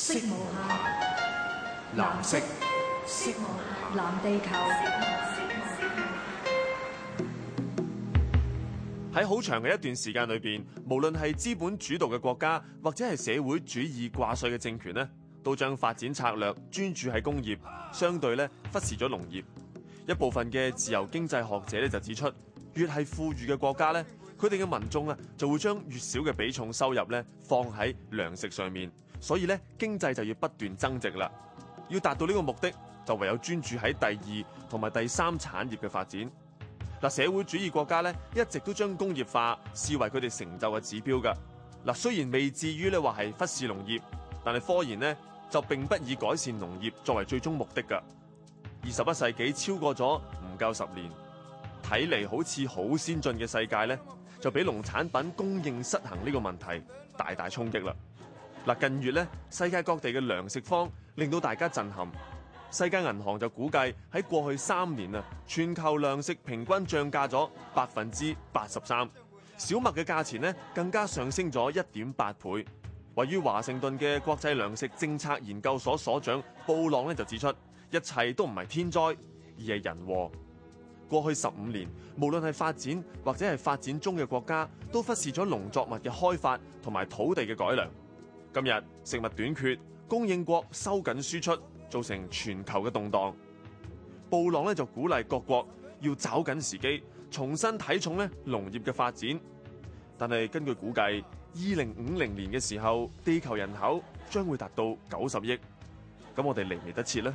色無限，藍色，色無限，藍地球。喺好長嘅一段時間裏邊，無論係資本主導嘅國家，或者係社會主義掛帥嘅政權咧，都將發展策略專注喺工業，相對咧忽視咗農業。一部分嘅自由經濟學者咧就指出，越係富裕嘅國家咧，佢哋嘅民眾咧就會將越少嘅比重收入咧放喺糧食上面。所以咧，經濟就要不斷增值啦。要達到呢個目的，就唯有專注喺第二同埋第三產業嘅發展。嗱，社會主義國家咧，一直都將工業化視為佢哋成就嘅指標㗎。嗱，雖然未至於咧話係忽視農業，但係科研呢，就並不以改善農業作為最終目的㗎。二十一世紀超過咗唔夠十年，睇嚟好似好先進嘅世界咧，就俾農產品供應失衡呢個問題大大衝擊啦。嗱，近月咧，世界各地嘅糧食荒令到大家震撼。世界銀行就估計喺過去三年啊，全球糧食平均漲價咗百分之八十三，小麥嘅價錢咧更加上升咗一點八倍。位於華盛頓嘅國際糧食政策研究所所長布朗咧就指出，一切都唔係天災，而係人禍。過去十五年，無論係發展或者係發展中嘅國家，都忽視咗農作物嘅開發同埋土地嘅改良。今日食物短缺，供應國收緊輸出，造成全球嘅動盪。布朗就鼓勵各國要找緊時機，重新睇重咧農業嘅發展。但係根據估計，二零五零年嘅時候，地球人口將會達到九十億。咁我哋嚟未得切呢？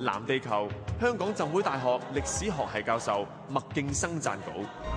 藍地球，香港浸會大學歷史學系教授麥勁生贊稿。